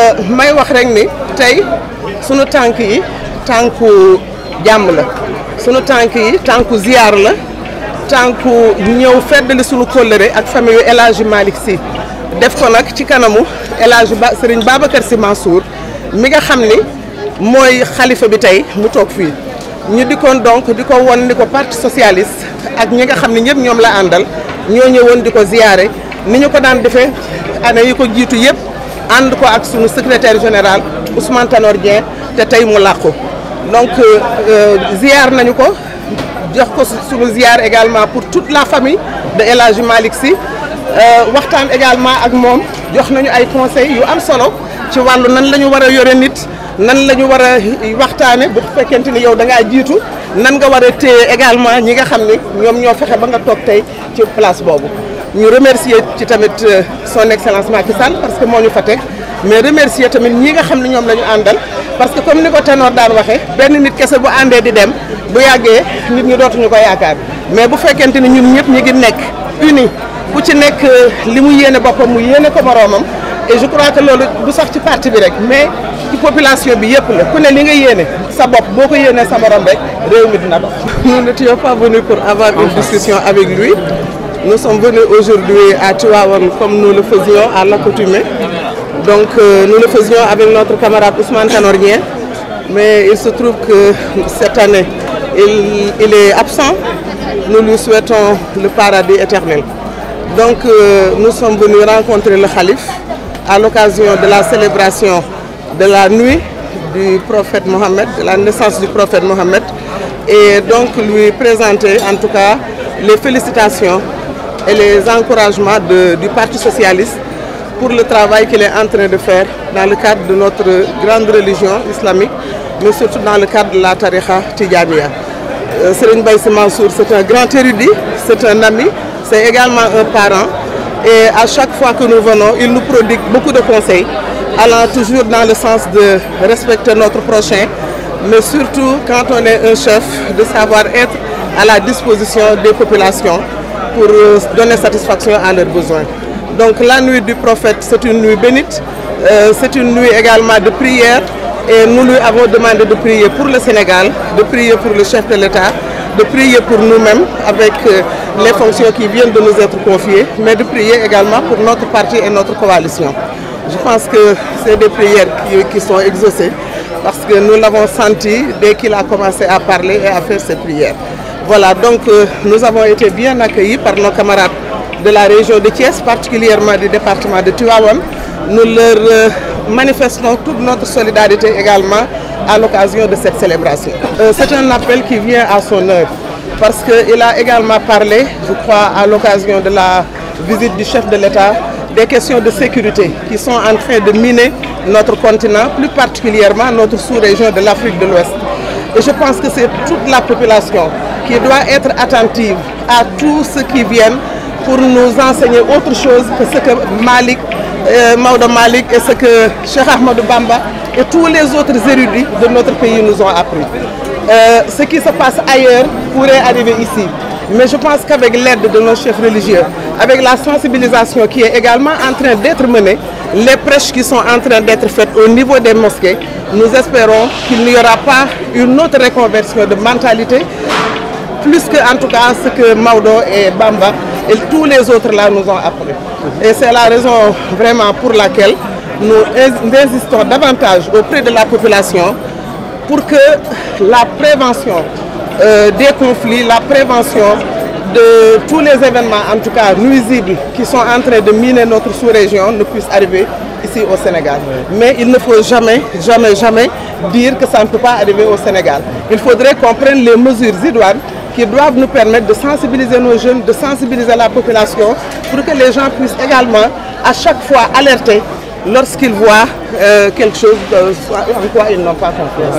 Euh, may wax rek ni tey sunu tànk yi tànku jàmm la sunu tànk yi tànku ziyaar la tànku ñëw feddali sunu kóllëre ak famille yu El Hadji def ko nag ci kanamu El Hadji ba Serigne Babacar Sy mi nga xam ni mooy xalifa bi tey mu toog fii ñu di koon donc di ko won ni ko parti socialiste ak ñi nga xam ni ñëpp ñoom la àndal ñoo ñëwoon di ko ziyaare ni ñu ko daan defee année yi ko jiitu yëpp ànd ko ak sunu secrétaire général Ousmane Tanor te tey mu làqu donc euh, euh, ziar nañu ko jox ko sunu ziar également pour toute la famille de El Hadj Malick euh, waxtaan également ak moom jox nañu ay conseils yu am solo ci wàllu nan la ñu war a yore nit nan la ñu war a waxtaane bu fekkente ni yow da ngaa jiitu nan nga war a téye également ñi nga xam ni ñoom ñoo fexe ba nga toog tey ci place boobu ñu remercier ci tamit euh, son excellence Macky Sall parce que moo ñu fa teg mais remercier tamit ñi nga xam ne ñoom la ñu àndal parce que comme ni ko Tanor daan waxe benn nit kese bu àndee di dem bu yàggee nit ñi dootuñu ko yaakaar mais bu fekkente ni ñun ñëpp ñu ngi nekk uni ku ci nekk euh, li mu yéene boppam mu yéene ko moroomam et je crois que loolu du sax ci parti bi rek mais ci population bi yëpp la ku ne li nga yéene sa bopp boo ko yéenee sa morom rek réew mi dina avoir une discussion avec Nous sommes venus aujourd'hui à Chihuahuan comme nous le faisions à l'accoutumée. Donc euh, nous le faisions avec notre camarade Ousmane Canorien. Mais il se trouve que cette année, il, il est absent. Nous lui souhaitons le paradis éternel. Donc euh, nous sommes venus rencontrer le calife à l'occasion de la célébration de la nuit du prophète Mohammed, de la naissance du prophète Mohammed. Et donc lui présenter en tout cas les félicitations et les encouragements de, du Parti socialiste pour le travail qu'il est en train de faire dans le cadre de notre grande religion islamique, mais surtout dans le cadre de la Tariqa Tidjaniya. Euh, Serigne Baïsi Mansour, c'est un grand érudit, c'est un ami, c'est également un parent. Et à chaque fois que nous venons, il nous prodigue beaucoup de conseils, allant toujours dans le sens de respecter notre prochain, mais surtout quand on est un chef, de savoir être à la disposition des populations pour euh, donner satisfaction à leurs besoins. Donc la nuit du prophète, c'est une nuit bénite, euh, c'est une nuit également de prière et nous lui avons demandé de prier pour le Sénégal, de prier pour le chef de l'État, de prier pour nous-mêmes avec euh, les fonctions qui viennent de nous être confiées, mais de prier également pour notre parti et notre coalition. Je pense que c'est des prières qui, qui sont exaucées parce que nous l'avons senti dès qu'il a commencé à parler et à Voilà, donc euh, nous avons été bien accueillis par nos camarades de la région de Thiès, particulièrement du département de Tuaouam. Nous leur euh, manifestons toute notre solidarité également à l'occasion de cette célébration. Euh, c'est un appel qui vient à son heure parce qu'il a également parlé, je crois, à l'occasion de la visite du chef de l'État, des questions de sécurité qui sont en train de miner notre continent, plus particulièrement notre sous-région de l'Afrique de l'Ouest. Et je pense que c'est toute la population qui doit être attentive à tous ceux qui viennent pour nous enseigner autre chose que ce que Malik, euh, Maouda Malik et ce que Cheikh Ahmadou Bamba et tous les autres érudits de notre pays nous ont euh, ce qui se passe ailleurs pourrait arriver ici. Mais je pense qu'avec l'aide de nos chefs religieux, avec la sensibilisation qui est également en train d'être menée, les prêches qui sont en train d'être faites au niveau des mosquées, nous espérons qu'il n'y aura pas une autre reconversion de mentalité, plus que en tout cas ce que Maodo et Bamba et tous les autres là nous ont appris. Et c'est la raison vraiment pour laquelle nous insistons davantage auprès de la population pour que la prévention euh, des conflits, la prévention de tous les événements, en tout cas nuisibles, qui sont en train de miner notre sous-région ne puissent arriver ici au Sénégal. Mais il ne faut jamais, jamais, jamais dire que ça ne peut pas arriver au Sénégal. Il faudrait qu'on les mesures idoines qui doivent nous permettre de sensibiliser nos jeunes, de sensibiliser la population pour que les gens puissent également à chaque fois alerter lorsqu'ils voient euh, quelque chose de, euh, en quoi ils n'ont pas confiance.